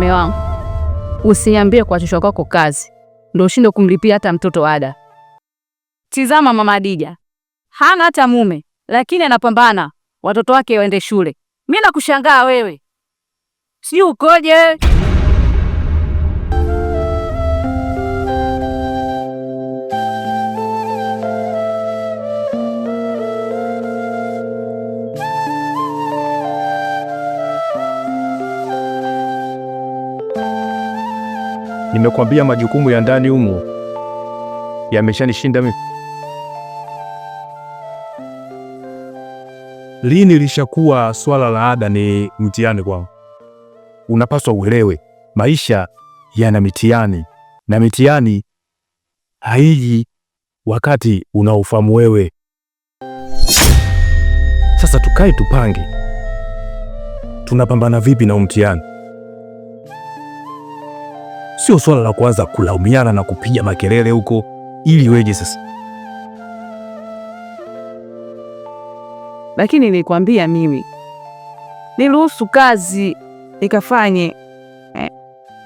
mume wangu. Usiniambie kuachishwa kwako kazi ndio ushindwe kumlipia hata mtoto ada. Tizama mama Adija hana hata mume, lakini anapambana watoto wake waende shule. Mimi nakushangaa wewe, sijui ukoje? Nimekwambia majukumu ya ndani humu yameshanishinda mimi. Lini lishakuwa swala la ada ni mtihani kwangu? Unapaswa uelewe, maisha yana mitihani na mitihani haiji wakati unaofahamu wewe. Sasa tukae tupange tunapambana vipi na umtihani sio swala la kuanza kulaumiana na kupiga makelele huko ili weje sasa. Lakini nilikwambia mimi niruhusu kazi nikafanye eh.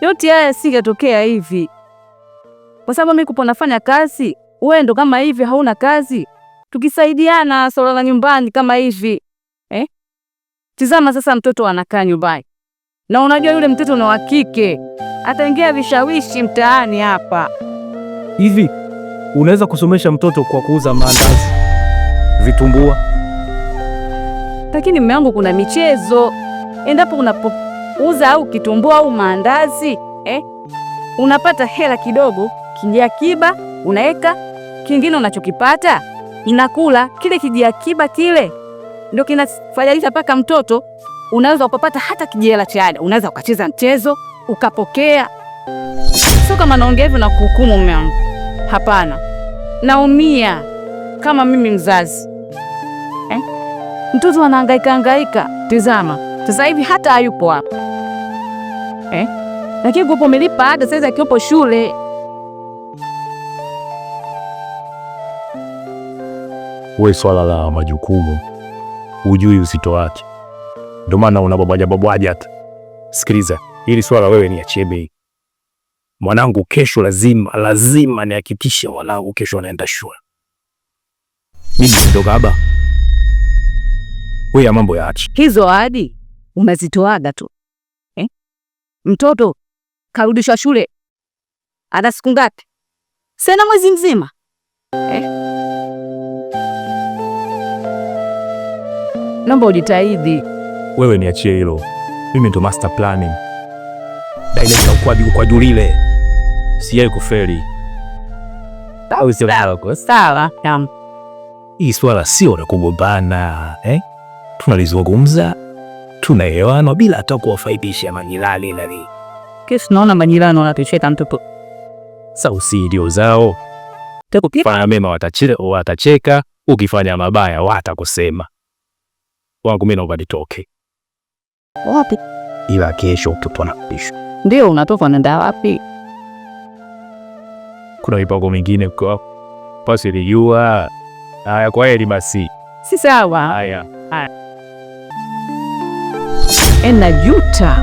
Yote haya singetokea hivi, kwa sababu mimi kupo nafanya kazi, wewe ndo kama hivi hauna kazi, tukisaidiana swala la nyumbani kama hivi eh. Tizama sasa mtoto anakaa nyumbani na unajua yule mtoto ni wa kike ataingia vishawishi mtaani hapa. Hivi unaweza kusomesha mtoto kwa kuuza maandazi, vitumbua? Lakini mume wangu, kuna michezo endapo unapouza au kitumbua au maandazi eh, unapata hela kidogo kijiakiba, unaweka kingine unachokipata inakula kile kijiakiba, kile ndio kinafadhaisha mpaka mtoto unaweza ukapata hata kijela cha ada, unaweza ukacheza mchezo ukapokea. Sio kama naongea hivyo na kuhukumu mume wangu, hapana. Naumia kama mimi mzazi eh? Mtoto anahangaika hangaika, tizama sasa hivi hata hayupo hapa eh? Lakini kupo milipa ada sasa akiwepo shule we swala la majukumu hujui uzito wake. Ndio maana unabwabwaja bwabwaja Hata Sikiliza, hili swala wewe niachie bei. Mwanangu kesho lazima lazima nihakikishe walau kesho anaenda shule. Mimi nitoka hapa. Wewe mambo ya achi. Hizo ahadi unazitoaga tu. Eh? Mtoto karudishwa shule ana siku ngapi? Sena mwezi mzima. Eh? Naomba ujitahidi. Wewe niachie hilo, mimi ndo master planning director ukwaju kwa julile sijai kufeli. sio? Hii swala sio la kugombana eh? Tunalizungumza, tunaelewana bila hata kuwafaidisha majirani nani. Kesi naona majirani wanatucheka mtupu. Sausi ndio zao. Fanya mema watachile, watacheka. Ukifanya mabaya watakusema. Wangu mimi naomba nitoke. Okay. Wapi? Ila kesho mtoto anarudishwa. Ndio, unatoka nenda wapi? Kuna mipango mingine kwa basi lijua. Haya, kwa heri basi. Si sawa. Haya. Haya. Ena juta.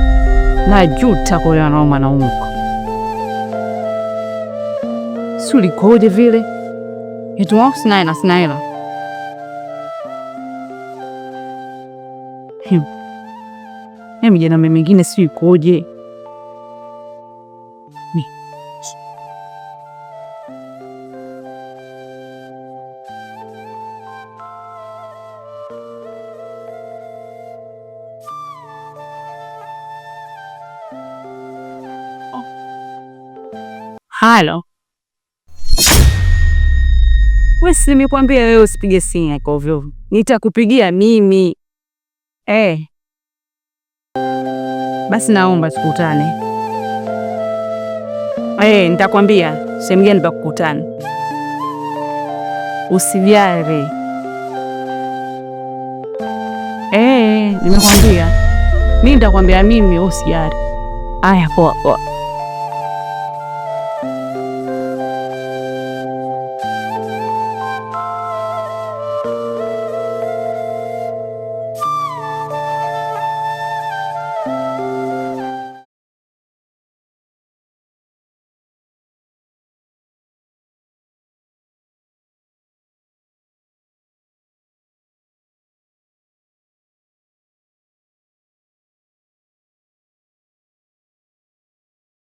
Na juta kwa na mwanaume sulikoje vile sina ituasinaela sinaela ya mijanaume mwingine si ikoje. Halo, we si wewe usipige simu yako ovyo, nitakupigia mimi eh. Basi naomba tukutane. Hey, eh, nitakwambia sehemu gani pa kukutana. Usijali. Hey, eh, nimekwambia mimi nitakwambia mimi, usijali. Aya, poa poa.